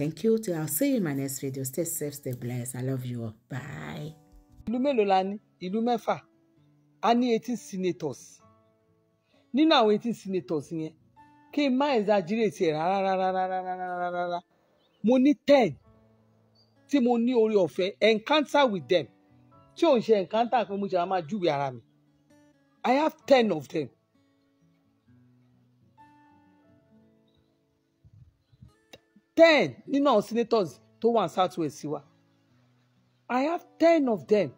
thank you till i'll see you in my next video stay safe stay blessed i love you all bye. ìlú mélòó la ní ìlú mẹ́fà a ní eighteen senators nínú àwọn eighteen senators yẹn kí n má exaggerate ẹ̀ rárá rárá rárá rárá rárá mo ní ten Ti mo ní orí ọ̀fẹ́ encounter with them Ti ò ń encounter pé mo ṣe máa júwe ara mi i have ten of them ten nínú àwọn senators tó wà ní south west wa I have ten of them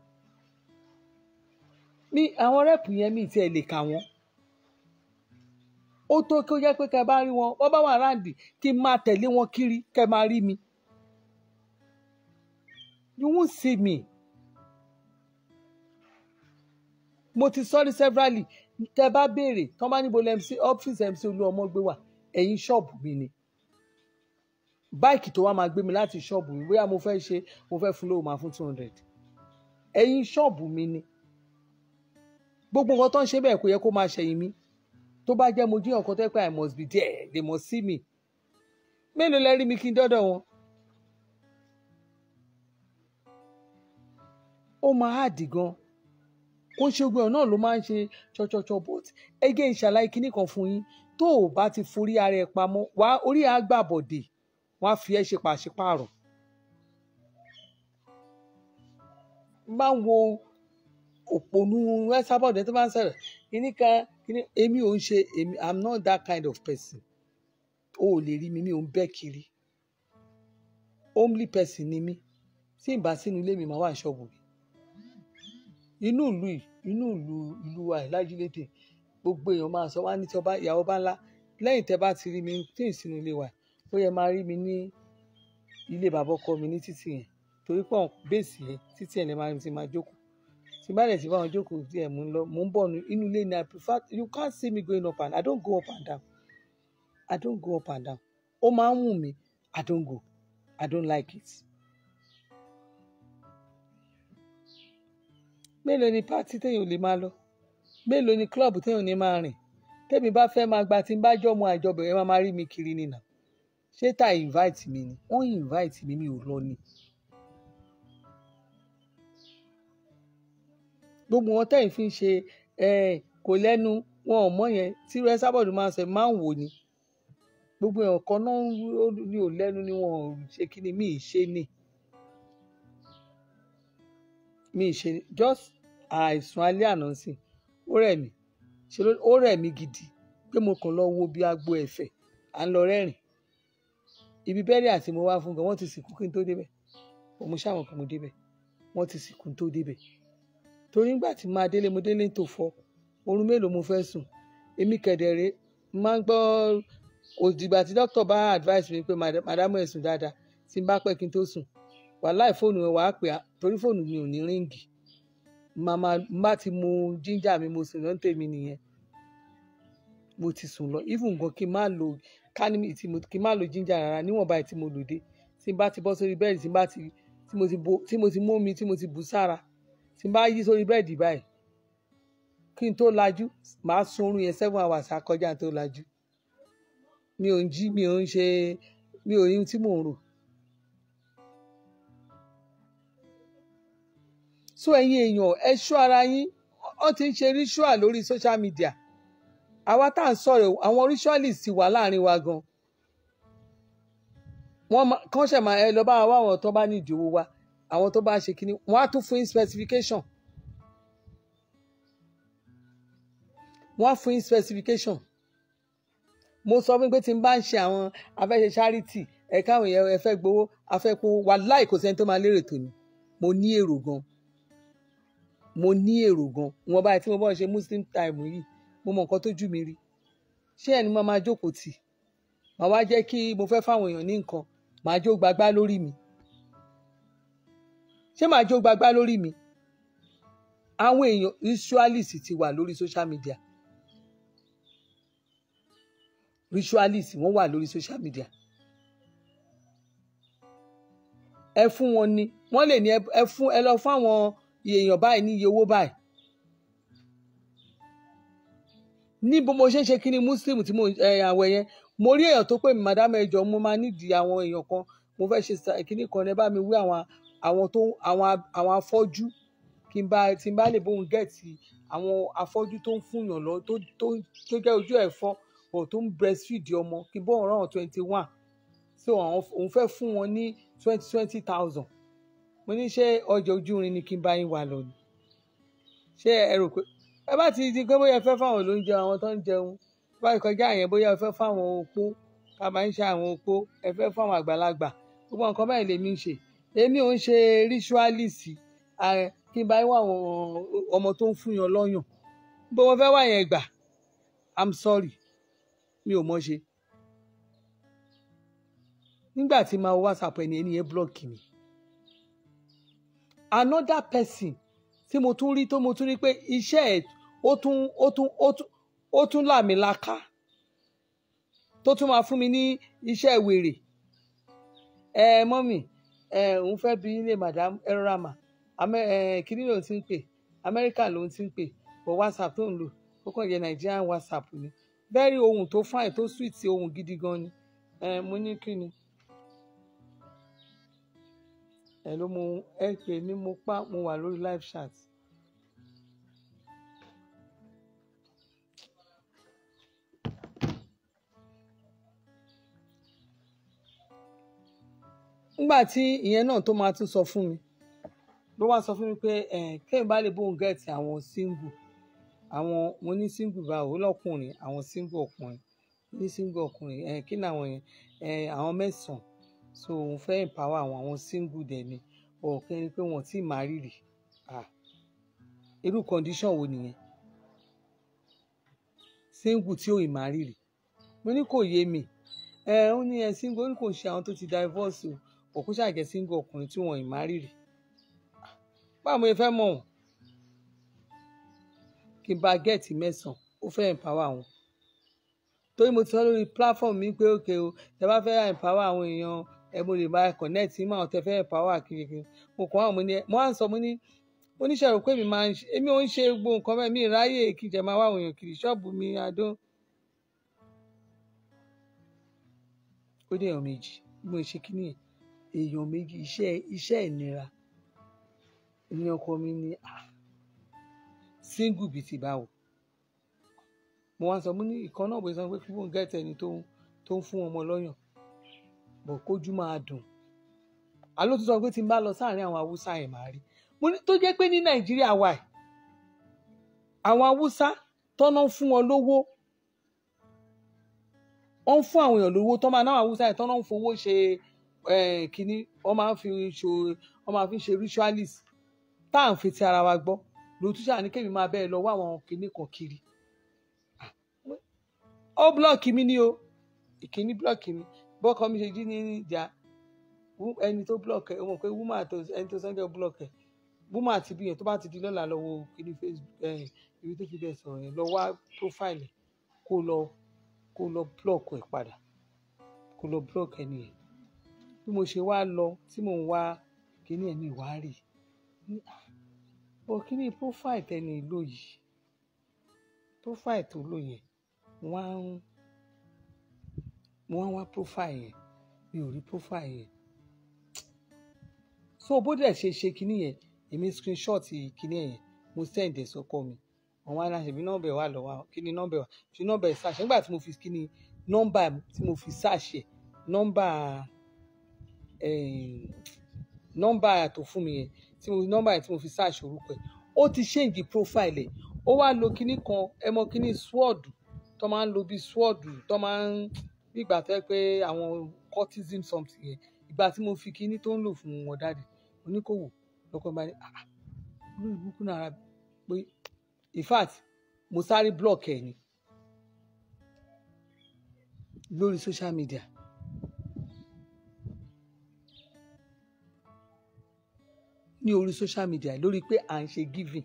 mi àwọn rẹ́pù yẹn mi tiẹ̀ lè kà wọ́n ó tó kí ó jẹ́ pé kẹ́ bá rí wọn wọ́n bá wà ráǹdì kí n máa tẹ̀lé wọn kiri kẹ́ máa rí mi you won't see me mo ti sọ ní severally tẹ́ bá béèrè tọ́ bá níbo lẹ́mí sí ọ́fíìsì MC Olúọmọ gbé wà ẹ̀yìn ṣọ́ọ̀bù mi ni báìkì tó wá máa gbé mi láti ṣọ́ọ̀bù mi bóyá mo fẹ́ ṣe mo fẹ́ fún lówó máa fún two hundred ẹ̀yìn ṣọ́ọ̀bù mi ni gbogbo nǹkan tó ń ṣe bẹ́ẹ̀ kò yẹ kó máa ṣẹ̀yìn mi tó bá jẹ́ mo jí ọ̀kan tó yẹ pé I must be there they must see me mélòó lẹ mi kí n dọ́dọ̀ wọn. ó máa hàdì gan kó ṣe ẹ̀ náà ló máa ń ṣe chọ́chọ́chọ́ but again ṣàlàyé kinní kan fún yín tó o bá ti forí ara ẹ̀ pamọ́ wá orí àgbàbọ̀dè wọ́n á fi ẹ́ ṣe pàṣípààrọ̀ máa ń wo òpònú ẹsábọọdù ẹni tó bá ń sẹrẹ kíní kan kíní èmi ò ń ṣe èmi i'm not that kind of person o ò lè rí mi mi ò ń bẹ́ kiri homely person ni mí tí n bá sínú ilé mi máa wà ní ṣọ́ọ̀bù mi inú ìlú inú ìlú ìlú wa ìlájúlédè gbogbo èèyàn máa sọ wá ní tí ọba ìyàwó bá ńlá lẹ́yìn tẹ́ bá ti rí mi tí ì sínú ilé wa yìí ó yẹ máa rí mi ní ilé bàbá ọkọ mi ní títì yẹn torí pé àwọn bẹ́ẹ̀sì yẹn títì yẹn lè máa rí mi ti máa jókòó tí bá dẹ̀ ti bá wọn jókòó tí mú lọ mò ń bọ̀ inú ilé ni i prefer you can't see me going up and I don't go up and down I don't go up and down ó máa ń wù mí I don't go I don't like it. mélòó ni pátí téèyàn ò lè máa lọ mélòó ni klọ́ọ̀bù téèyàn ò ní máa rìn tẹ́mi bá fẹ́ máa gba tí n bá jọ́ mu àjọbẹ̀rẹ̀ máa rí mi kiri nìyà ṣé ta invite mi ni wọ́n invite mi mi ò lọ ni. gbogbo wọn tẹ́yìn fi ń ṣe kò lẹ́nu wọn ò mọ̀ yẹn tí rẹ sábọ̀dù máa ń máa ń wò ni gbogbo èèyàn kan náà ní ò lẹ́nu ni wọn ò ṣe kí ni mí ì ṣe ni Mi ì ṣe ni just àìsàn alẹ́ àná sí ó rẹ̀ mí ó rẹ̀ mí gidi pé mo kàn lọ wo bí agbo ẹ̀fẹ̀ à ń lọ rẹ́rìn ibi bẹ́ẹ̀rì àti mo wá fún gan wọ́n ti sìnkú kí n tó débẹ̀ mo ṣàwọn kan mo débẹ̀ wọ́n ti sìnkú tó débẹ̀ torí nígbà tí máa délé mo délé ń tò fọ oorun mélòó mo fẹ́ sùn èmi kẹ̀dẹ̀rẹ́ máa ń gbọ́ òdìgbà tí dókítà bá advice mi pé màdámù ẹ̀ sùn dáadáa tí n bá pẹ́ kí n tó sùn wàláì fóònù ẹ̀ wàá pè á torí fóònù mi ò ní ríǹgì màmá má ti mu jíńjà mi mo sùn lọ́n nìyẹn mo ti sùn lọ even gan kí n má lo ká ní tí mo kí n má lo ginger rárá níwọ̀nba tí mo lòdè tí n bá ti bọ́ sórí bẹ́ẹ̀dì tí n bá ti tí mo ti bo tí mo ti mú omi tí mo ti bù sára tí n bá yí sórí bẹ́ẹ̀dì báyìí kí n tó lajú màá sun oorun yẹn seven hours àkọjá tó lajú mi ò ń jí mi ò ń ṣe mi ò yín tí mò ń rò. so ẹ̀yin èèyàn ẹ ṣọ́ ara yín wọ́n ti ń ṣe ritual lórí social media àwa tá à ń sọ̀rọ̀ àwọn ritualist wà láàrin wa gan wọ́n kàn ṣẹ̀ máa ẹ lọ bá wa àwọn tó bá ní ìdíwọ́ wa àwọn tó bá ṣe kíní wọ́n á tún fún yín specification wọ́n á fún yín specification mo sọ fún pé tí n bá ń ṣe àwọn afẹ́ṣe charity ẹ̀ka àwọn èèyàn ẹ̀fẹ́ gbowó afẹ́po wà láì kò sẹ́ni tó máa lérè tòní mo ní èrò gan mo ní èrò gan wọn báyìí tí mo bá ń ṣe muslim time yìí mo mọ nǹkan tójú mi rí ṣé ẹni máa máa jókòó tì màá wá jẹ́ kí mo fẹ́ fáwọn èèyàn ní nǹkan màá jó gbagbá lórí mi ṣé màá jó gbagbá lórí mi àwọn èèyàn ritualist ti wà lórí social media ritualist wọ́n wà lórí social media ẹ fún wọn ni wọ́n lè ní ẹ fún ẹ lọ fún àwọn èèyàn báyìí ní iye owó báyìí ní bó mo ṣe ń ṣe kí ni muslim tí mo eh, àwẹ̀ yẹn mo rí èèyàn tó pè mí madame ẹjọ mo máa nídìí àwọn èèyàn kan mo fẹ́ ṣe kíní kan ẹ bá mi wí àwọn àwọn tó àwọn àwọn afọ́jú kí n bá tí n bá lè bóun gẹ̀ẹ́tì àwọn afọ́jú tó ń fúnyàn lọ tó tó tó jẹ́ ojú ẹ̀fọ́ ọ̀ tó ń breastfeed ọmọ kí n bóun rán twenty one so àwọn òun fẹ́ fún wọn ní twenty twenty thousand mo ní ṣé ọjà ojú irin ni kí n bá yín wà lọ ni ṣé ẹ rò pé ẹ bá ti di pé bóyá fẹ́ fáwọn olóúnjẹ àwọn tó ń jẹun bá ìkọjá yẹn bóyá fẹ́ fáwọn opó ká máa ń ṣe àwọn opó ẹ fẹ́ fáwọn àgbàlagbà gbogbo nǹkan báyìí lèmi ń ṣe èmi ò ń ṣe ritualist kí n bá wà àwọn ọmọ tó ń fún yàn lọ́yàn bó wọ́n fẹ́ wà yẹn gbà i'm sorry mi ò mọ̀ ṣe nígbà tí màá whatsapp ẹni ẹni yẹn block mi another person tí mo tún rí tó mo tún rí pé iṣẹ́ ẹ̀ ó tún ó tún ó tún ó tún làmìlaka tó tún máa fún mi ní iṣẹ́ wèrè ẹ mọ́mì ẹ òun fẹ́ bí ilé madam erama kìnìún ló ti ń pè amẹ́ríkà ló ti ń pè bọ̀ whatsapp tó ń lò ó kàn yẹ nigerian whatsapp ni bẹ́ẹ̀rì ohun tó fine tó sweet ohun gidi gan ni ẹ mo ní kí ni ẹ ló mo ẹ pè mí mo pa mo wà lórí live chat. nígbà tí ìyẹn náà tó máa tún sọ fún mi ló wá sọ fún mi pé kéèyàn bá lè bóun gẹ̀ẹ́tì àwọn single àwọn mo ní single báwo lọ́kùnrin àwọn single ọkùnrin ní single ọkùnrin kí ni àwọn yẹn àwọn mẹ́sàn-án so òun fẹ́ empower àwọn àwọn single dẹ̀ ni ọ̀kẹ́ ni pé wọ́n ti máa rírì irú condition wo nìyẹn single tí ò ì máa rírì mo ní kò yé mi ẹ ó ní ẹ single ó ní kò ṣe àwọn tó ti divorce o òkú ṣàjẹ́ síngò ọkùnrin tí wọ́n ì má rírì báwo ni ẹ mọ̀ wọ́n kí n bá gẹ́ẹ̀tì mẹ́sàn-án ó fẹ́ empower wọn torí mo ti sọ lórí platform mi pé òkè o tẹ bá fẹ́ empower àwọn èèyàn ẹ mo lè máa connect mọ àwọn tẹ fẹ́ empower kiri mo kàn àwọn mo ní ẹ mo á sọ mo ní oníṣẹ́ rò pé mi máa ń ṣe èmi ò ń ṣe gbogbo nǹkan bẹ́ẹ̀ mi ráyè kíjẹ máa wá àwọn èèyàn kiri ṣọ́ọ̀bù mi adó ó dé èèyàn méjì bí mo ṣe kí nìyẹn èèyàn méjì iṣẹ́ iṣẹ́ ìnira ní ọkọ mi ní à ah, single bíi ti báwo mo wá sọ mo ní ìkan náà bóyá sọ pé kí wọn gẹ́tẹ̀ ẹni tó ń tó ń fún ọmọ lọ́yàn bọ̀ kójú máa dùn àló tó sọ pé tí n bá lọ sáàrin àwọn haúsá ẹ̀ máa rí mo ní tó jẹ́ pé ní nàìjíríà wà ẹ̀ àwọn haúsá tọ́nà fún wọn lówó wọ́n fún àwọn èèyàn lówó tọ́ máa náwọn haúsá ẹ̀ tọ́nà ń fowó ṣe kínní wọ́n máa ń fi ṣo wọ́n máa fi ṣe ritualist tá à ń fi ti ara wa gbọ́ lòtúṣà ní kémi máa bẹ́ẹ̀ lọ wá àwọn kínní kan kiri ó blọọkì mi ni o ìkíní blọọkì mi bọ́kọ mi ṣe jí ní ìjà ẹni tó blọọkì ẹ mọ̀ pé wúmà ẹni tó sẹ́ńdẹ̀ blọọkì ẹ wúmà àti bíyẹn tó bá ti di lọ́la lọ́wọ́ kínní Facebook ẹ ibi tó ti bẹ̀ sọ̀rọ̀ yẹn lọ wá profile kó lọ kó lọ blọọkì ẹ padà kó lọ blọọkì ẹ nìyẹn bí mo ṣe wá lọ tí mò ń wá kíní ẹ̀mí wá rè bọ̀ kíní profile tẹni ìlò yìí profile tó lò yẹn wọ́n wọ́n wá profile yẹn mi ò rí profile yẹn so bó dẹ̀ ṣe ṣe kíní yẹn èmi screenshot kíní yẹn mo send ẹ̀ sọ́kọ mi àwọn aláṣẹbí nọ́mbà ẹ̀ wà lọ́wọ́ kíní nọ́mbà ẹ̀ wà ṣe nọ́mbà ẹ̀ sáṣẹ nígbà tí mo fi kíní nọ́mbà tí mo fi sáṣẹ nọ́mbà. Number nọ́mbà tó fún mi yẹn tí mo nọ́mbà yẹn tí mo fi search orúkọ ẹ̀ ó ti change profile ẹ̀ ó wá lo kinní kan ẹ mọ kinní sword tó máa ń lo bí sword tó máa ń gbígbà tó yẹ pé àwọn cortism something yẹn ìgbà tí mo fi kinní tó ń lò fún wọn dáàdì oníkòwò lọkọ bá ní ah, ah olórí burúkú náà pé in fact mo sáré block ẹ ni lórí social media ní orí social media lórí pé à ń ṣe giving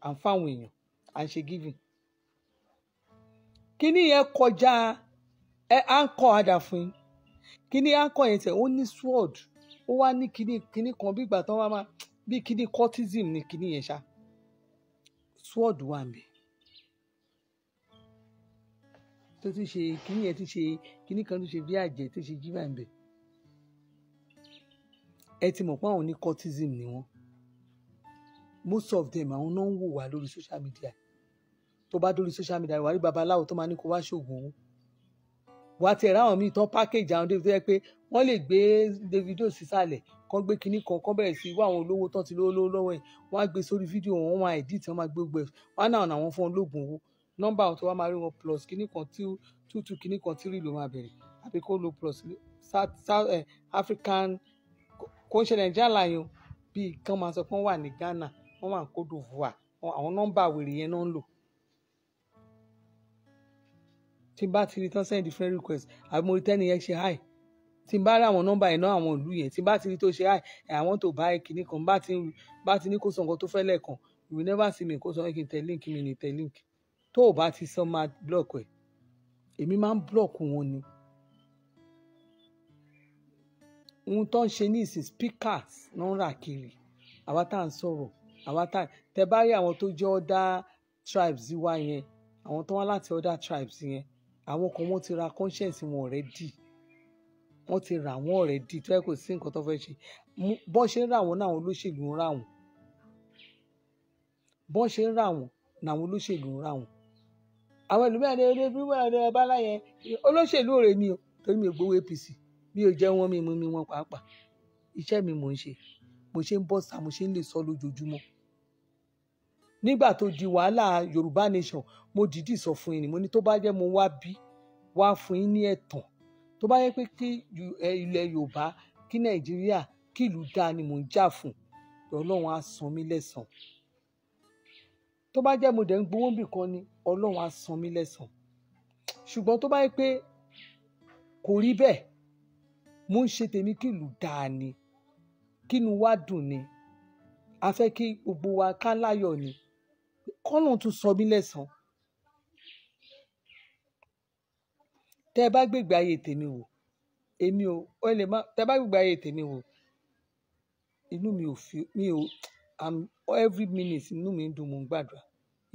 à ń fáwọn èèyàn à ń ṣe giving kíní yẹn kọjá ẹ à ń kọ àdà fún yín kíní à ń kọ yẹn tẹ ó ní sword ó wá ní kíní kíní kan bí ìgbà tán wá máa bí kíní cortism ní kíní yẹn ṣá sword wà mí tó ti ṣe kíní yẹn ti ṣe kíní kan tó ṣe bí àjẹ́ tó ṣe jí bàǹbẹ ẹ ti mọ̀ pé àwọn ní cortism ni wọ́n most of them àwọn náà ń wò wá lórí social media tó bá dórí social media wà rí babaláwo tó máa ní kó wá ṣoògùn òun wà á tiẹ̀ ráwọn míì tán package àwọn Davido yẹ pé wọ́n lè gbé Davido sísàlẹ̀ kán gbé kinní kan kán bẹ̀rẹ̀ sí wá àwọn olówó tán ti lówó lówó lọ́wọ́ ẹ̀ wọ́n á gbé sórí fídíò wọn wọn edit wọn máa gbé gbẹ wọn á náà náà wọn fún wọn lóògùn owó nọ́mbà tó wá máa rí wọn plus kinní kan two two kinní kan three ló máa bẹ̀rẹ̀ àbí kó lo plus eh, african kò ń ṣe nàìjíríà láàyò bíi kán máa sọ pé wọ́n wà ní Ghana wọ́n wà ní Côte d'Ivoire àwọn nọ́mbà wèrè yẹn náà ń lò tí bá ti rí tán send different request àbí mo rí tẹ́ni yẹn ṣe hi tí n bá rí àwọn nọ́mbà iná àwọn ìlú yẹn tí n bá ti rí tó ṣe hi àwọn tó bá kìíní kan bá ti bá ti ní kó sọ tó fẹ́ lẹ́ẹ̀kan you will never see me kó sọ kí n tẹ link mi ní tẹ link tó o bá ti sọ máa block ẹ èmi máa ń block wọn ni ohun tó ń ṣe ní ìsìn speakers ló ń rà kiri àwa tá à ń sọ̀rọ̀ àwa tá tẹ bá rí àwọn tó jẹ́ other tribes wa yẹn àwọn tó wá láti other tribes yẹn àwọn kan wọ́n ti ra conscience wọn already wọ́n ti rà wọ́n already tó yẹ kò sí nǹkan tó fẹ́ ṣe bọ́n ṣe ń rà wọ́n náà olóṣèlú ń rà wọ́n bọ́n ṣe ń rà wọ́n náà olóṣèlú ń rà wọ́n àwọn ìlú mẹ́rin ẹni bí wọ́n ẹni bá láyẹn olóṣèlú ọ̀rẹ́ ni o torí mi ò gbowó APC mi ò jẹ́ wọn mi mú mi wọn pàápàá iṣẹ́ mi mò ń ṣe mo ṣe ń bọ́ sa mo ṣe ń lè sọ lójoojúmọ́ nígbà tó di wàhálà yorùbá nation mo dìídì sọ fún yín ni mo ní tó bá jẹ́ mo wá bí wá fún yín ní ẹ̀tàn tó bá yẹ pé kí ilẹ̀ yorùbá kí nàìjíríà kí ìlú dáa ni mò ń jà fún ọlọ́run á san mí lẹ́san tó bá jẹ́ mo dẹ̀ ń gbowó bì kan ni ọlọ́run á san mí lẹ́san ṣùgbọ́n tó bá yẹ pé kò rí bẹ́ẹ̀ mo ń ṣe tèmi kí ìlú dáa ni kínú wa dùn ni a fẹ́ kí gbogbo wa ká láyọ̀ ni kọ́lọ̀ tún sọ mí lẹ́sàn-án tẹ́ ẹ bá gbègbè ayé tèmi wò èmi ò ẹ lè má tẹ́ ẹ bá gbègbè ayé tèmi wò inú mi ò fi mi ò am every minute inú mi ń dùn mò ń gbàdúrà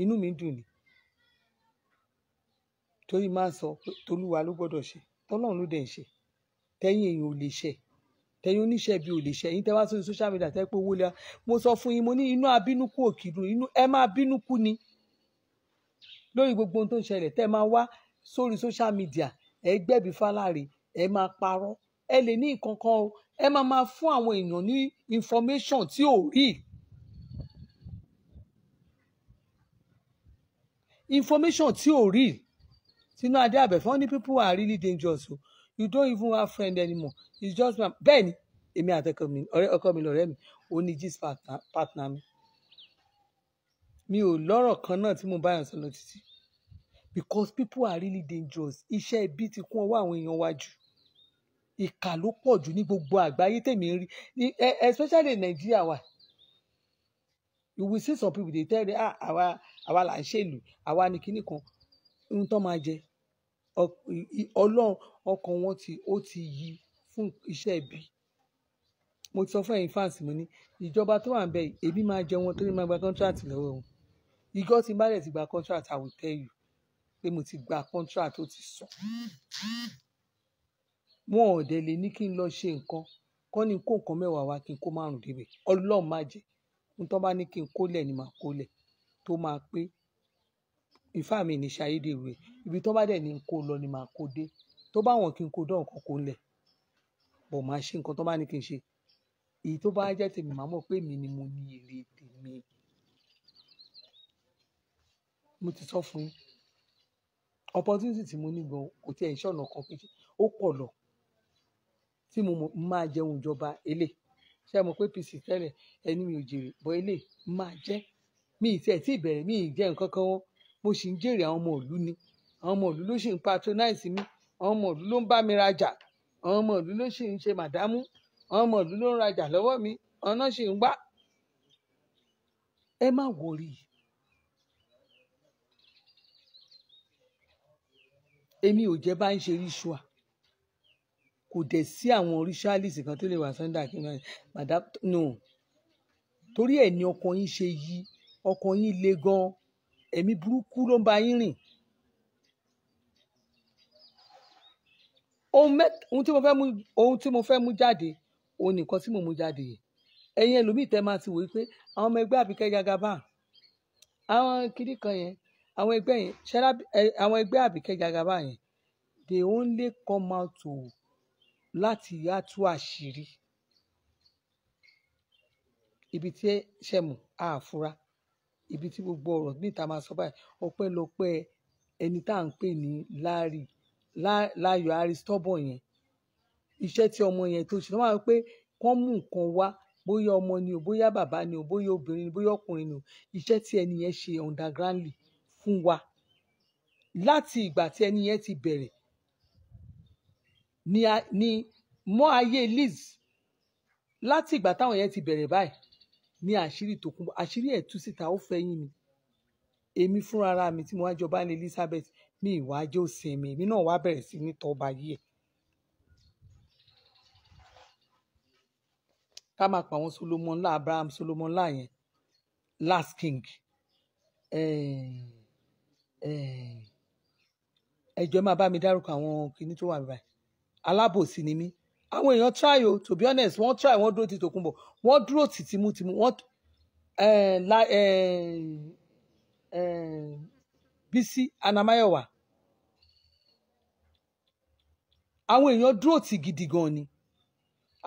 inú mi ń dùn ni torí máa ń sọ pé tolúwa ló gbọ́dọ̀ ṣe tọ́lọ́run ló dẹ̀ ń ṣe tẹ́yìn èèyàn ò lè ṣe tẹ̀yin oníṣẹ́ ibi ò lè ṣe ẹ̀yin tẹ́ wá sórí social media tẹ́ pé owó lẹ́yà mo sọ fún yín mo ní inú abínúkú òkìdùn inú ẹ máa bínúkú ni lórí gbogbo ohun tó ń ṣẹlẹ̀ tẹ́ máa wá sórí social media ẹ gbẹ̀bí fáláre ẹ máa parọ́ ẹ lè ní ìkankan o ẹ máa máa fún àwọn èèyàn ní information tí ò rí information tí ò rí sínú adé àbẹ̀fọ́ ní people are really dangerous o. So you don't even have friend anymore it's just one bẹ́ẹ̀ ni èmi àtọkọ mi ọ̀rẹ́ ọkọ mi lọ̀rẹ́ mi ó ní gist partner mi mi ò lọ́rọ̀ kan náà tí mo bá yàn sọ lọ títí because people are really dangerous iṣẹ́ ibi ti kún ọwọ́ àwọn èèyàn wa jù ìkà ló pọ̀ jù ní gbogbo àgbáyé tèmi ń rí e, especially in Nigeria wa you will see some people dey tell you ah àwa àwa là ń ṣèlú àwa ni kinní kan ohun tó máa jẹ Ọlọ́run ọkàn wọn ti ó ti yí fún iṣẹ́ ibi. Mo ti sọ fún ẹ̀yin fans mi ní ìjọba tó wà níbẹ̀ yìí, èmi máa jẹ wọn torí máa gba contract lọ́wọ́ wọn. Ijọ́ tí n ti gba contract, I will tell you pé mo ti gba contract ó ti sàn. Wọn ò dẹ̀ lè ní kí n lọ ṣe nǹkan, kọ́ ni kó nǹkan mẹ́wàá wá kí n kó márùn-ún débẹ̀. Ọlọ́run má jẹ. Ohun bá ní kí n kó ni màá kó lẹ̀ tó máa pé ìfá mi ní ṣayédèwé ibi tó bá dẹ̀ ní kó lọ ni màá kó dé tó bá wọn kí n kó dán nǹkan kó lẹ̀ bọ̀ máa ṣe nǹkan tó bá ní kí n ṣe èyí tó bá jẹ́ tèmi màá mọ̀ pé mi ni mo ní èrè tèmi mo ti sọ fún yín opportunity tí mo ní gan kò tiẹ̀ ń ṣọ̀nà kan péjì ó pọ̀ lọ tí mo máa jẹun ìjọba elé ṣé mo pé pc tẹ́lẹ̀ ẹni mi ò jèrè bọ́ elé máa jẹ́ mi ì tiẹ̀ tí ì bẹ̀rẹ̀ mi ì jẹ́ nǹkan kan wọn mo sì ń jèrè àwọn ọmọ ìlú ni àwọn ọmọ ìlú ló sì ń patronize mi àwọn ọmọ ìlú ló ń bá mi rajà àwọn ọmọ ìlú ló sì ń ṣe màdámú àwọn ọmọ ìlú ló ń rajà lọ́wọ́ mi àwọn náà sì ń wá. ẹ má wòrí èmi ò jẹ́ bá ń ṣe ritual kò dẹ̀ sí àwọn ritualist kan tó lè wà sunday akínú madam no torí ẹ̀ ni ọkàn yín ṣe yí ọkàn yín le gan-an ẹ̀mí burúkú ló ń ba yín rìn. ohun tí mo fẹ́ mú ohun tí mo fẹ́ mú jáde òun nìkan tí mo mú jáde yìí ẹ̀yin ẹlòmíì tẹ́ máa ti wòye pé àwọn ọmọ ẹgbẹ́ Àbíkẹ́ Jagaba àwọn kiri kan yẹn àwọn ẹgbẹ́ yẹn ṣẹlá àwọn ẹgbẹ́ Àbíkẹ́ Jagaba yẹn they only come out to láti yá tú àṣírí ibi tí ṣe mú Ah, ibi tí gbogbo ọ̀rọ̀ ní ìta máa sọ báyìí ọpẹ́lọpẹ́ ẹni tá à ń pè ní Larry Láyọ̀ Aristobon yẹn iṣẹ́ tí ọmọ yẹn tó ṣe wọ́n máa wọ pé kán mú nǹkan wá bóyá ọmọ ni o bóyá bàbá ni o bóyá obìnrin ni bóyá ọkùnrin ni o iṣẹ́ tí ẹni yẹn ṣe undergroundly fún wa láti ìgbà tí ẹni yẹn ti bẹ̀rẹ̀ ni mọ́ ayé Liz láti ìgbà táwọn yẹn ti bẹ̀rẹ̀ báyìí ní àṣírí Tòkunbọ̀ àṣírí ẹ̀ tú síta ó fẹ̀yìn mi èmi fúnra mi tí mo wá jọba ní Elizabeth mi ìwájú òsinmi èmi náà wá bẹ̀rẹ̀ sí ní tọba yìí ẹ̀ ká máa pa àwọn Solomon ńlá Abraham Solomon ńlá yẹn last king ẹjọ́ máa bá mi dárúkọ àwọn kinní tó wà báyìí alábòsí ni mí àwọn èèyàn try o to be honest wọ́n try wọ́n dúró ti Tòkunbọ̀ wọ́n dúró ti tìmùtìmù wọ́n Bísí Anamáyọ̀wá àwọn èèyàn dúró ti gidi gan ni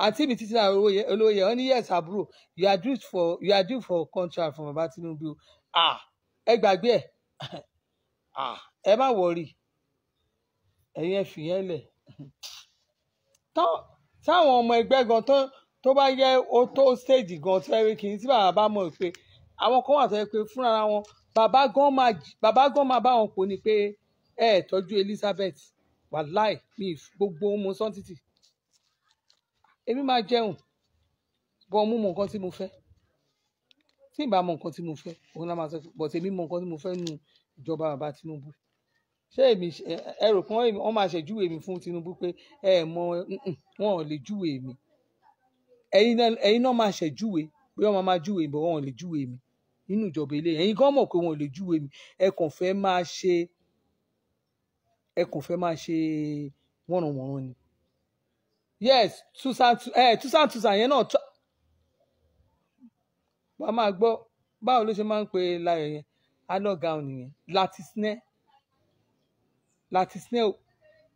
àti ibi títí náà olóyè ọ ní yes àbúrò you are due for you are due for contract from baba Tinubu ah ẹ gbàgbé ẹ ah ẹ má wọrí ẹ̀yin ẹ fìyẹn lẹ̀. táwọn ọmọ ẹgbẹ́ gan tó tó bá yẹ ó tó stage gan tó yẹ kí n tí bàbá bá mọ̀ pé àwọn kan wà tó yẹ pé fúnra wọn bàbá gan máa bàbá gan máa bá wọn kò ní pé ẹ tọ́jú Elizabeth wàláì mi gbogbo mo sán títì èmi máa jẹun bọ́ mú mọ nǹkan tí mo fẹ́ tí ì bá mọ nǹkan tí mo fẹ́ òun náà máa sọ pé bọ̀tẹ̀ mi mọ nǹkan tí mo fẹ́ nu ìjọba bàbá Tinubu ṣé èmi ẹ rò pé wọ́n máa ṣèjúwe mi fún Tinubu pé ẹ mọ wọn ò lè júwe mi ẹ̀yin náà máa ṣèjúwe pé wọ́n máa júwe mi wọn ò lè júwe mi nínú ìjọba ilé ẹ̀yin gan mọ̀ pé wọn ò lè júwe mi ẹ kàn fẹ́ máa ṣe ẹ kàn fẹ́ máa ṣe wọ̀nrànwọ̀nràn ni yes tusan tusan tusan yẹn náà wàá máa gbọ́ báwo ló ṣe máa ń pe láyọ̀ yẹn anọ́gàun nìyẹn láti sinẹ́ Latisnell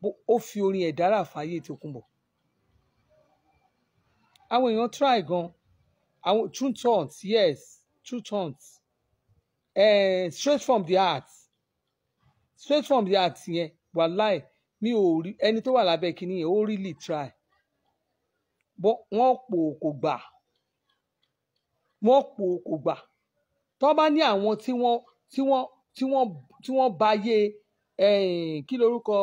ó fi orin ẹ̀dá rà fáyé Tókunbọ̀ àwọn èèyàn try gan àwọn true thoughts yes true thoughts eh, straight from the heart straight from the heart yẹn wàláì mi ò rí ẹni tó wà lábẹ́ kínní yẹn ó really try wọ́n pò kò gbà wọ́n pò kò gbà tó bá ní àwọn tí wọ́n tí wọ́n tí wọ́n tí wọ́n báyé ẹ̀yìn kí lorúkọ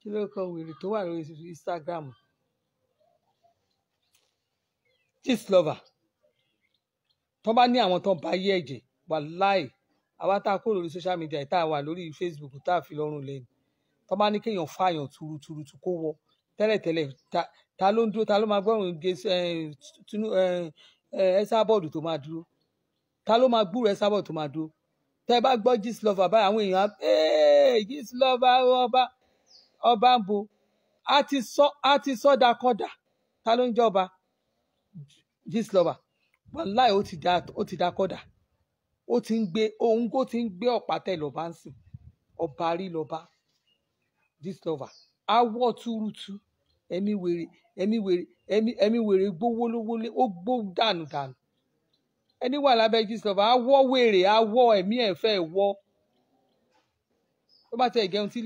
kí lorúkọ wèrè tó wà lórí Instagram gist lover tó bá ní àwọn tó ń ba ayé ẹ̀jẹ̀ wàláì àwa tá a kó lórí social media tá a wà lórí Facebook tá a fi lọ́rùn lẹ́nu tó bá ní kéèyàn fààyàn turuturu tu kó wọ tẹ́lẹ̀tẹ́lẹ̀ ta ló ń dúró ta ló máa gbọ́rùn ẹ̀ẹ́sà bọ́ọ̀dù tó máa dúró ta ló máa gbúrò ẹ̀ẹ́sà bọ́ọ̀dù tó máa dúró tẹ́ bá gbọ́ gist lover báyìí àwọn èèyàn ee gist lover ọba ọba ń bo a ti sọ a ti sọ dakọdà ta ló ń jọba gist lover wàláì ó ti da ó ti dakọdà ó ti ń gbé òun kó ti ń gbé ọ̀pá lọ́ba ń sìn ọba rí lọ́ba gist lover awọ́ túrútú ẹ̀mí wèrè ẹ̀mí wèrè ẹ̀mí wèrè gbówó lówó lé ó gbó dànù dànù ẹni wà lábẹ́ gistlover á wọ́ wèrè á wọ́ ẹ̀mí ẹ̀ fẹ́ wọ́ tó bá tẹ ìgẹun tí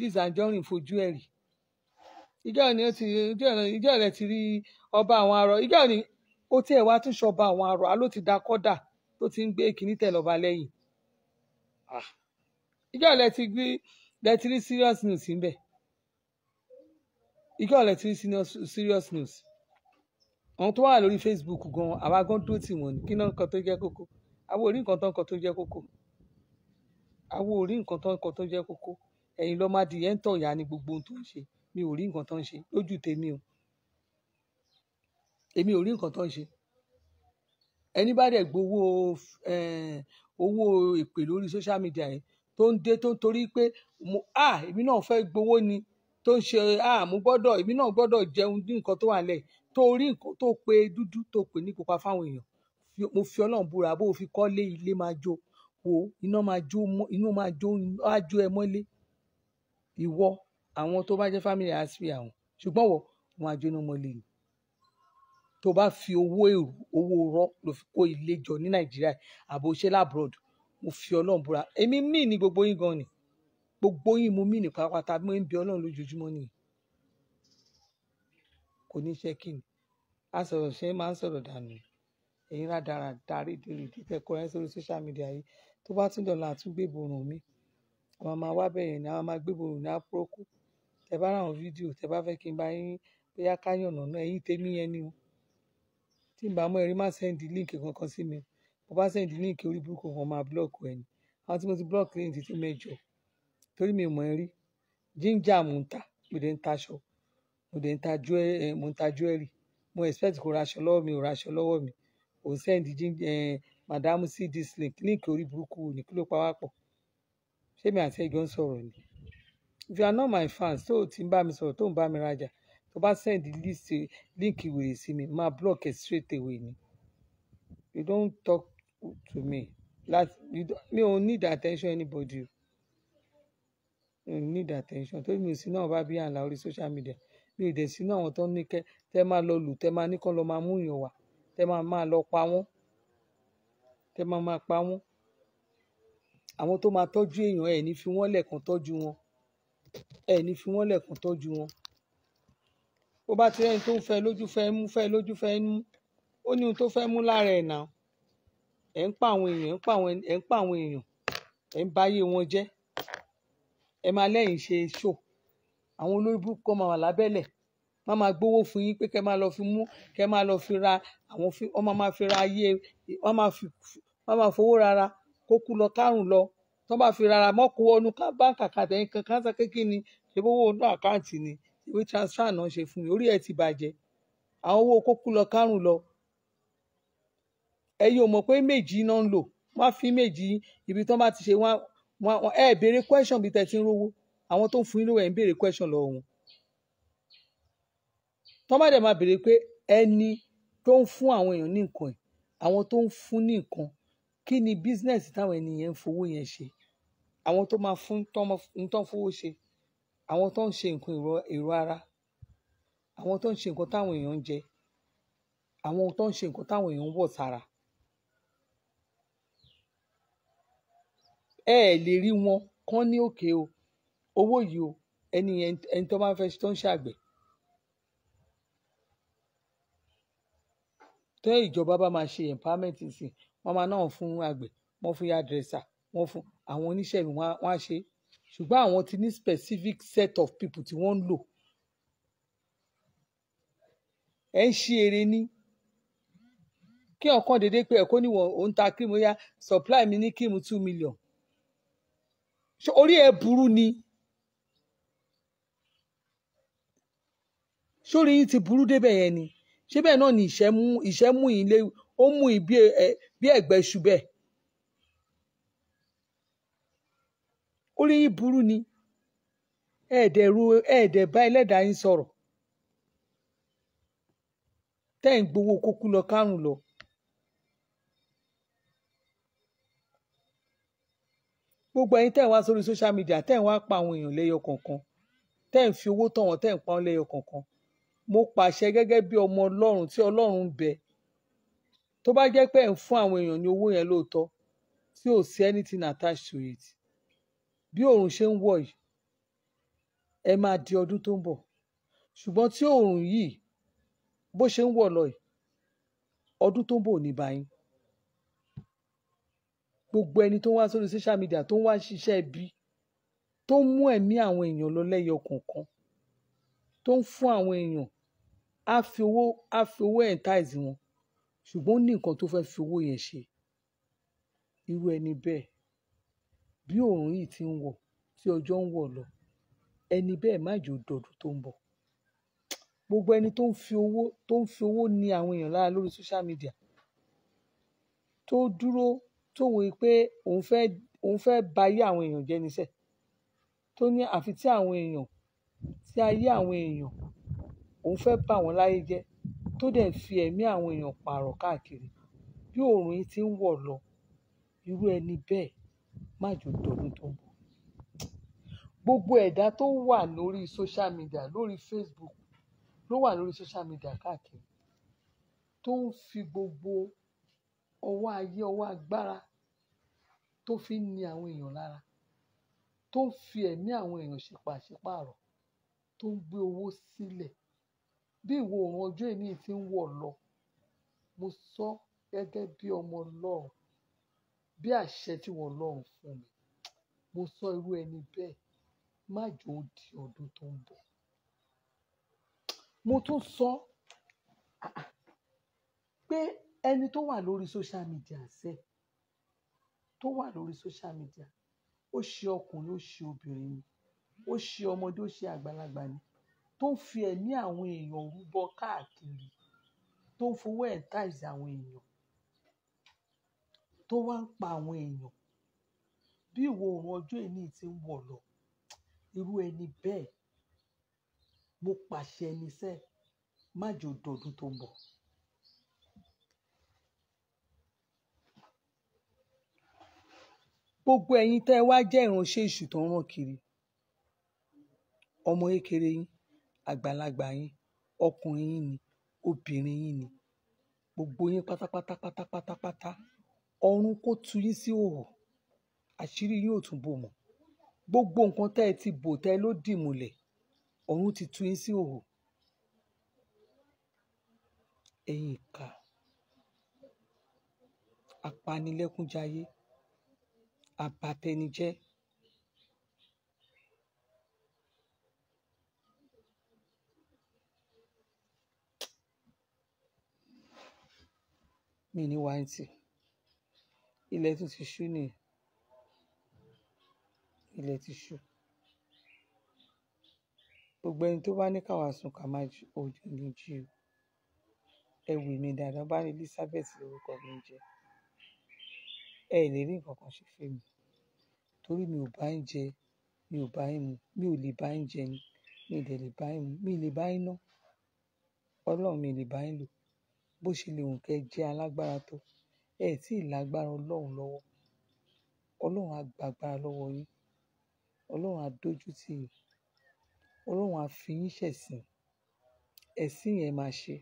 Liz Anjorin fojú ẹ̀ rí ìjọ ni ìjọ rẹ ti rí ọba àwọn arọ ìjọ ni ó tiẹ̀ wá tún ṣọba àwọn arọ á ló ti da kọ́dà tó ti ń gbé kínní tẹ̀ lọ́ba lẹ́yìn ah. ìjọ rẹ ti gbé rẹ ti rí serious news níbẹ̀ ìjọ rẹ ti rí serious news àwọn tó wà lórí Facebook gan àwa gan dó tì wọ́n ní kí náà nǹkan tó jẹ́ kókó àwọn orí nǹkan tó nǹkan tó jẹ́ kókó àwọn orí nǹkan tó nǹkan tó jẹ́ kókó ẹ̀yin lọ́ọ́ má di ẹ̀ ń tọ̀ ya ni gbogbo ohun tó ń ṣe mi ò rí nǹkan tó ń ṣe lójú tèmi o èmi ò rí nǹkan tó ń ṣe ẹni bá dẹ̀ gbowó owó èpè lórí social media yẹn tó ń dé tó ń torí pé à èmi náà fẹ́ gbowó ni tó ń ṣe à mo gbọ́dọ̀ èmi náà gbọ́dọ̀ jẹun ní nǹkan tó wà lẹ̀ tó rí nǹkan tó pe dúdú tó pè ní pupa fáwọn èèyàn mo fi ọlọ́run búra bó o fi kọ́lé ilé máa jó wo iná máa jó inú máa jó á jó ẹ mọ́lé ìwọ àwọn tó bá jẹ́ family aspire àwọn ṣùgbọ́n wọ wọn á jóná mọ́lé ni tó bá fi owó èrú owó rọ ló fi kó ilé jọ ní nàìjíríà àbò ṣe mo fi ọlọ́run búra èmi mí ní gbogbo yín gan ni gbogbo yín mo mí ní pátápátá mo ń bi ọlọ́run lójoojúmọ́ nìyí kò ní ṣe kí ni asọ̀rọ̀ ṣe máa ń sọ̀rọ̀ dànù ẹ̀yin ládàra darí dèrè dídẹ kọrin sórí social media yìí tó bá tún dọ̀la àtúngbè borùn mi àwọn máa wá bẹ̀yẹn ni àwọn máa gbé borùn ní ápúrọ́kù tẹ bá ráwọn fídíò tẹ bá fẹ́ kí n bá yín bóyá káyàn nàná ẹ̀yin tèmi yẹn ni o tí n bá mọ ẹ̀rí má sẹ́ndì líǹkì kankan sí mi mo bá sẹ́ndì líǹkì orí burúkú kan máa búlọ̀kù ẹ̀ ni àwọn tí mo ti búlọ̀kù lẹ́yìn títí mẹ́jọ torí mi mọ̀ ẹ́ rí jíńjà ta gbèdé ń taṣọ mo dẹ̀ ń ta jewelry mo ń ta jewelry mo expect kó raṣọ lọ́wọ́ mi ò raṣọ lọ́wọ́ mi ò ń send madamu sí dis link link orí burúkú wò ní kí ló pa wá pọ̀ ṣé mi àti ẹjọ́ ń sọ̀rọ̀ ni if you are not my fans tó o ti ń bá mi sọ̀rọ̀ tó ń bá mi rajà tó bá send list link wèrè sí mi máa block ẹ straight away ni you don't talk to me láti mi ò need attention anybody o mi ò need attention torí mi ò sí náà bá bí àǹlà orí social media mi ì dẹ̀ sínú àwọn tó ní kẹ́ tẹ́ máa lọ lù tẹ́ máa ní kán lọ máa mú yàn wá tẹ́ máa máa lọ pa wọ́n tẹ́ máa máa pa wọ́n àwọn tó máa tọ́jú èèyàn ẹ̀ ní fi wọ́n lẹ̀kàn tọ́jú wọn ẹ̀ ní fi wọ́n lẹ̀kàn tọ́jú wọn bó bá ti rẹ́ni tó ń fẹ́ lójú fẹ́ mú fẹ́ lójú fẹ́ mú ó ní ohun tó fẹ́ mú lára ẹ̀ náà ẹ̀ ń pa àwọn èèyàn ẹ̀ ń pa àwọn èèyàn ẹ̀ ń báyé wọn jẹ́ ẹ máa lẹ́yìn ṣe ṣò àwọn olórí burúkú kan máa wà lábẹ́lẹ̀ má máa gbowó fún yín pé kẹ́ máa lọ fi mú kẹ́ máa lọ fi ra àwọn fi wọ́n máa fi ra ayé wọ́n máa fi wọ́n máa fowó rara kó kú lọ kárùn lọ tó bá fi rara mọ́ kó wọnú báńkì àkàtẹ̀yìn kan káńsà kékeré ni ṣe owó inú àkáǹtì ni ìwé transfer náà ṣe fún mi orí ẹ̀ ti bàjẹ́ àwọn owó kó kú lọ kárùn lọ ẹ̀yin ò mọ̀ pé méjì náà ń lò wọ́n á fi méjì ibi tó bá ti ṣe wọ́n ẹ̀ béèrè question bí tẹ̀ ń rówó àwọn tó ń fún yín lówó ẹ̀ ń béèrè question lọ́wọ́ wọn tọ́ bá dẹ̀ máa béèrè pé ẹni tó ń fún àwọn èèyàn ní nǹkan ẹ̀ àwọn tó ń fún ní nǹkan kí ni business táwọn ènìyàn ń fowó yẹn ṣe àwọn tó máa fún ń tán fowó ṣe àwọn tó ń ṣe nǹkan èrò ara àwọn tó ń ṣe nǹkan táwọn èèyàn ń jẹ àwọn tó ń ṣe nǹkan táwọn èèyàn ń wọ̀ sára ẹ ẹ lè rí wọn kán ní òkè o owó yìí o ẹni ẹni tó máa ń fẹ́ tó ń ṣàgbẹ̀ tẹ́ ìjọba bá máa ṣe empowerment sí wọ́n máa náà fún àgbẹ̀ wọ́n fún yard dresser wọ́n fún àwọn oníṣẹ́ mi wọ́n á ṣe ṣùgbọ́n àwọn ti ní specific set of people tí wọ́n ń lò ẹ̀ ń ṣe eré ní kí ọ̀kan dédé pé ẹ̀kọ́ níwọ̀n òun ta kírìmù yá supply mi ní kírìmù two million orí ẹ̀ burú ni. sórí yín ti burú débẹ̀ yẹn ni ṣé bẹ́ẹ̀ náà ni ìṣẹ́ mú ìṣẹ́ mú yín lé ó mú yín bí ẹ̀gbẹ́ iṣu bẹ́ẹ̀ orí yín burú ni ẹ̀ẹ́dẹ̀ ru ẹ̀ẹ́dẹ̀ bá ẹlẹ́dàá yín sọ̀rọ̀ tẹ́ ń gbowó kókú lọ kárùn lọ. gbogbo ẹ̀yin tẹ́ ń wá sórí social media tẹ́ ń wá pa àwọn èèyàn lẹ́yọ kọ̀ọ̀kan tẹ́ ń fi owó tọ̀ wọ́n tẹ́ ń pa wọ́n lẹ́yọ kọ̀ọ̀kan mo pàṣẹ gẹ́gẹ́ bí ọmọ ọlọ́run tí ọlọ́run ń bẹ tó bá jẹ́ pé ẹ̀ ń fún àwọn èèyàn ní owó yẹn lóòótọ́ tí ò sí anything attached to it bí òòrùn ṣe ń wọ̀ yìí ẹ máa di ọdún tó ń bọ̀ ṣùgbọ́n tí òòrùn yìí bó ṣe ń wọ̀ lọ yìí ọdún tó ń bọ̀ ò ní báyìí gbogbo ẹni tó ń wá sórí social media tó ń wá ṣiṣẹ́ ibi tó ń mú ẹ̀mí àwọn èèyàn lọ lẹ́yọ kọ̀ọ̀kan tó ń fún àwọn èèyàn á fi owó á fi owó entice wọn ṣùgbọ́n ó ní nǹkan tó fẹ́ẹ́ fi owó yẹn ṣe irú ẹni bẹ́ẹ̀ bí òòrùn yìí ti ń wọ̀ tí ọjọ́ ń wọ̀ lọ ẹni bẹ́ẹ̀ má jò dọ̀dún tó ń bọ̀ gbogbo ẹni tó ń fi owó tó ń fi owó ní àwọn èèyàn lára lórí social media tó dúró tó wòye pé òun fẹ́ òun fẹ́ bayé àwọn èèyàn jẹ́ níṣẹ́ tó ní àfi tí àwọn èèyàn sí ayé àwọn èèyàn òun fẹ́ bà wọ́n láyé jẹ́ tó dẹ̀ fi ẹ̀mí àwọn èèyàn pààrọ̀ káàkiri bí oòrùn yìí ti ń wọ̀ lọ irú ẹni bẹ́ẹ̀ má jò dọ̀dún tó ń bọ̀. gbogbo ẹ̀dá tó wà lórí social media lórí Facebook ló wà lórí social media káàkiri tó ń fi gbogbo ọwọ́ ayé ọwọ́ agbára tó fi ń ni àwọn èèyàn lára tó ń fi ẹ̀mí àwọn èèyàn ṣèpàṣípààrọ̀ tó ń gbé owó sílẹ̀ bí ìwọ oòrùn ọjọ́ ìní ti ń wọ̀ lọ mo sọ gẹ́gẹ́ bí ọmọ ọlọ́run bí àṣẹ tí wọ́n lọ́run fún mi mo sọ irú ẹni bẹ́ẹ̀ má jò ó di ọdún tó ń bọ̀ mo tún sọ pé ẹni tó wà lórí social media ṣe tó wà lórí social media ó ṣe ọkùnrin ó ṣe obìnrin ó ṣe ọmọdé ó ṣe àgbàlagbà ni tó ń fi ẹ̀mí àwọn èèyàn rúbọ káàkiri tó ń fowó ẹ̀ńtáìsì àwọn èèyàn tó wá ń pa àwọn èèyàn bí ìwọ oòrùn ọjọ́ èní ti ń wọ̀ lọ irú ẹni bẹ́ẹ̀ mo pàṣẹ ẹni sẹ́ má jò dọ̀dún tó ń bọ̀. gbogbo ẹ̀yin tẹ́ wá jẹ́ ìránṣẹ́ èṣù tó ń ràn kiri ọmọ kékeré yín àgbàlagbà yín ọkùnrin yín ni obìnrin yín ni gbogbo yín pátápátá pátápátá pátá ọ̀run kó tu yín sí òhò àṣírí yín ò tún bò mọ́ gbogbo nǹkan tẹ́ ẹ ti bò tẹ́ ẹ ló dìmùlẹ̀ ọ̀run ti tu yín sí òhò ẹ̀yin ìka apanilẹ́kúnjayé àbàtẹnijẹ́ mi ní wáńtì ilẹ̀ tún ti ṣú nìyẹn ilẹ̀ ti ṣú gbogbo ẹni tó bá ní káwa sùn ká má ju ojú ní jí o ẹwù mi dáadáa bá ní Elizabeth lórúkọ mi jẹ ẹ lè rí nǹkan kan ṣe fún mi torí mi ò bá ń jẹ mi ò bá ń mu mi ò lè bá ń jẹ ni mi ò lè bá ń mu mi ò lè bá ń ná ọlọ́run mi ò lè bá ń lò bó ṣe lè wù kẹ́ jẹ́ alágbára tó ẹ tí ì lágbára ọlọ́run lọ́wọ́ ọlọ́run á gba agbára lọ́wọ́ yín ọlọ́run á dójú tì yín ọlọ́run á fi yín ṣẹ̀sìn ẹ̀sìn yẹn máa ṣe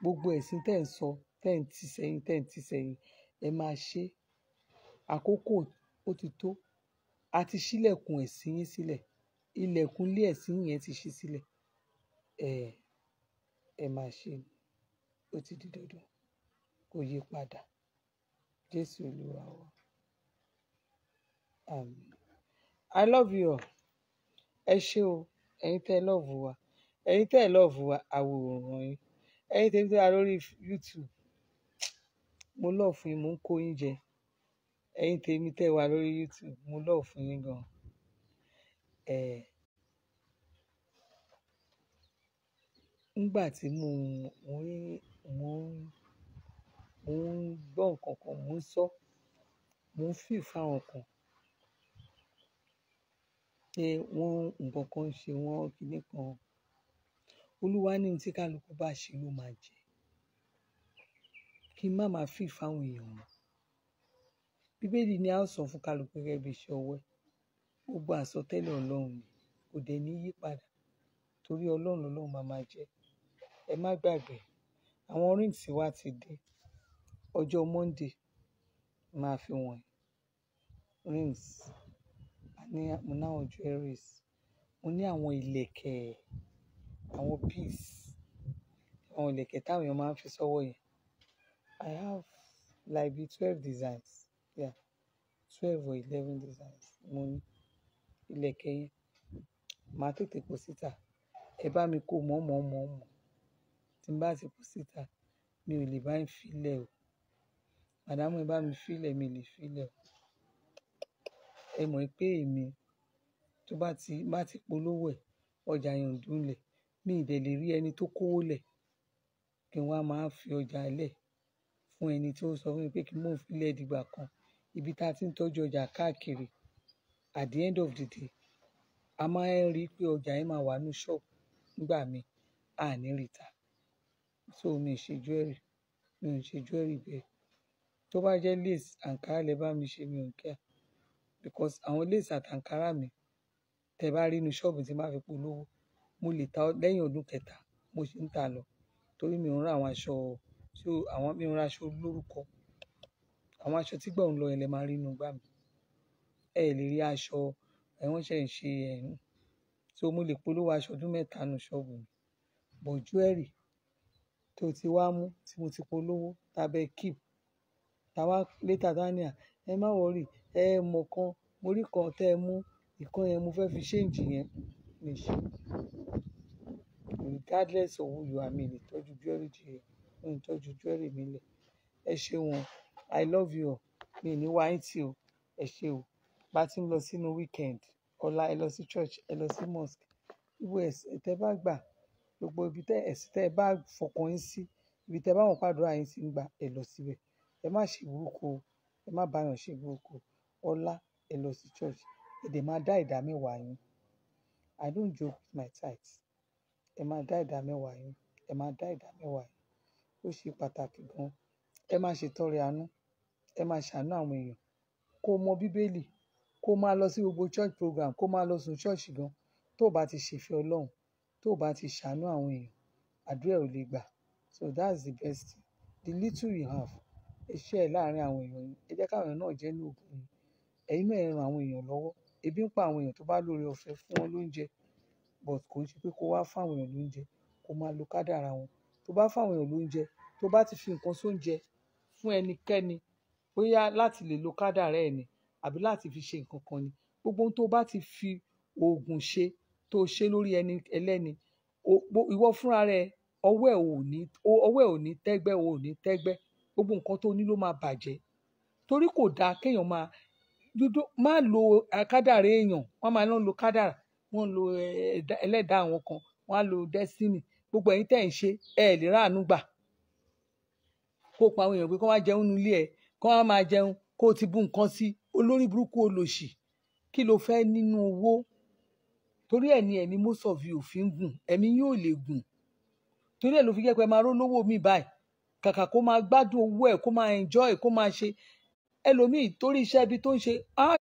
gbogbo ẹ̀sìn tẹ́ ń sọ tẹ́ ń tì sẹ́yìn tẹ́ ń tì sẹ́yìn ẹ máa ṣe àkókò ó ti tó a ti ṣílẹ̀kùn ẹ̀sìn yín sílẹ̀ ilẹ̀kùn ilé ẹ̀sìn yẹn ti ṣí sílẹ̀ ẹ ẹ máa ṣe ni ó ti di dandan kó yí padà jésù olúwa wa àmín i love you all ẹ ṣé o ẹ̀yin tẹ́ ẹ lọ́ọ̀bù wa ẹ̀yin tẹ́ ẹ lọ́ọ̀bù wa àwòrán yín ẹ̀yin tẹ́ ẹ tẹ́ wa lórí youtube mo lọ́ọ̀ yín mo ń kó yín jẹ ẹ̀yin tèmi tẹ́ wà lórí youtube mo lọ́ọ̀ yín gan-an. Eh. Nígbà tí mo, mo ń, mo ń, mo ń gbọ́ nǹkan kan, mo ń sọ́, mo ń feel fáwọn kan pé wọ́n, nǹkan kan ń ṣe wọ́n, kíni kan. Olúwa ní ohun tí kálukú bá ṣe ló máa jẹ. Kí n má máa feel fáwọn èèyàn mọ́. Bíbélì ni a sọ fún kálukú gẹ́gẹ́ bí iṣẹ́ ọwọ́ Gbogbo àsọtẹ́lẹ̀ Ọlọ́run ni, kò dẹ̀ ní yípadà torí Ọlọ́run lọ́lọ́run máa máa jẹ́ ẹ má gbàgbé àwọn rings wa ti dé ọjọ́ monday máa fi wọ̀n rings ní mo ní àwọn jewelries mo ní àwọn ìlẹ̀kẹ̀ àwọn beads àwọn ìlẹ̀kẹ̀ táwọn èèyàn máa ń fi sọ́wọ́ yẹn i have like be twelve designs yeah twelve or eleven designs mo ní ìlẹ̀kẹ̀ yẹn màá tètè kó síta ẹ bá mi kó mọ́ mọ́ mọ́ mọ́ tí n bá ti kó síta mi ò lè bá yín filẹ̀ o màdámù ẹ bá mi filẹ̀ mi lè filẹ̀ o ẹ mọ̀ pé èmi tó bá ti bá ti polówó ẹ̀ ọjà yẹn ò mi ì dẹ̀ lè rí ẹni tó kówó lẹ̀ kí n wá máa fi ọjà lẹ̀ fún ẹni tó sọ fún mi pé kí mò ń filẹ̀ dìgbà kan ibi tá a ti ń tọ́jú ọjà káàkiri at the end of the day a máa ń rí i pé ọjà yẹn máa wà ní ṣọ́ọ̀bù nígbà míì àní ríta so mi ṣe jewelry mi ò ṣe jewelry bẹ́ẹ̀ tó bá jẹ́ lace àǹkárá lè bá mi ṣe mi ò kíá because àwọn lace àtàǹkárá mi tẹ́ bá rí inú ṣọ́ọ̀bù tí máa fi polówó mo lè ta lẹ́yìn ọdún kẹta mo sì ń ta lọ torí mi ò ń ra àwọn aṣọ tí àwọn mi ò ń ra aṣọ lórúkọ àwọn aṣọ tí gbọ̀n lọ ẹ̀lẹ́ máa rí inú gbà mí ẹ lè rí aṣọ ẹ̀wọ̀n ṣe ń ṣe ẹ̀yìn so mo lè polówó aṣọ ọdún mẹ́ta nù ṣọ́ọ̀bù mi bọ̀ jewelry tó ti wá mú tí mo ti polówó tàbẹ keep tàwa later dania ẹ má wọrí ẹ mọ̀ kan mo rí kan tẹ́ mú ìkan yẹn mo fẹ́ fi ṣéǹjì yẹn nìṣe regardless of who you are mi ní tọ́jú jewelry jẹ mi ní jewelry mi lẹ̀ ẹ ṣeun i love you mi ní wáyé tí o ẹ ṣe o bá ti ń lọ sínú weekend ọ̀la ẹ lọ sí church ẹ lọ sí mosque ibo ẹ̀ tẹ́ bá gbà gbogbo ibi tẹ́ ẹ̀sìn tẹ́ ẹ bá fọkàn yín sí ibi tẹ́ ẹ bá wọn pàdúrà yín sí ń gbà ẹ lọ síbẹ̀ ẹ má ṣe burúkú o ẹ má bá yàn ṣe burúkú ọlá ẹ lọ sí church ẹ dẹ̀ máa dá ìdá mẹ́wàá yín I don't joke with my tithes ẹ máa dá ìdá mẹ́wàá yín ẹ máa dá ìdá mẹ́wàá yín ó ṣe pàtàkì gan ẹ máa ṣe tọrẹ àánú ẹ máa ṣàánú àwọn èèyàn kó mọ bíbélì kó máa lọ sí gbogbo church program kó máa lọ sùn church gan tó o bá ti ṣèfẹ́ Ọlọ́run tó o bá ti ṣàánú àwọn èèyàn àdúrà ò lè gbà so that's the best thing the little you have ẹ ṣe ẹ láàrin àwọn èèyàn yìí ẹ jẹ́ káwọn èèyàn náà jẹ́ ní ògùn yìí ẹ̀yin náà ẹ ran àwọn èèyàn lọ́wọ́ ebi ń pa àwọn èèyàn tó bá lóore ọ̀fẹ́ fún wọn lóúnjẹ but kò ń ṣe pé kó wá fáwọn èèyàn lóúnjẹ kó máa lo kádàrà wọn tó bá fáwọn èèyàn lóúnjẹ tó bá ti fi nǹkan sóúnjẹ fún ẹnikẹ́ni bóyá láti lè lo kádàrà ẹ̀ ni àbí láti fi ṣe nǹkan kan ni gbogbo ohun tó bá ti fi oògùn ṣe tó ṣe lórí ẹni ẹlẹ́ni ìwọ fúnra rẹ ọwọ́ ẹ̀ ò ní ọwọ́ ẹ̀ ò ní tẹ́gbẹ́ ò ní tẹ́gbẹ́ gbogbo nǹkan tó ní ló máa bàjẹ́ torí kò dáa kéèyàn máa dúdú má lo kádàrá èèyàn wọ́n máa ń lo kádàrá wọ́n lo ẹlẹ́dàá àwọn kan wọ́n á lo destiny gbogbo ẹ̀yin tẹ̀ ń ṣe ẹ̀ lè ráàánú gbà kó pa àwọn èèyàn pé kó wá jẹun nílé ẹ̀ kó wá máa jẹun kó o ti bu nǹkan sí olórí burúkú olòṣì kí lo fẹ́ nínú owó torí ẹ̀ ni ẹ̀mí most of you fi ń gùn ẹ̀mí yóò lè gùn torí ẹ̀ ló fi jẹ́ pé máa rólówó mi báyìí kàkà kó máa gbádùn owó ẹ̀ kó máa enjoy kó máa ṣe ẹlòmíì torí iṣẹ́ ibi tó ń ṣe á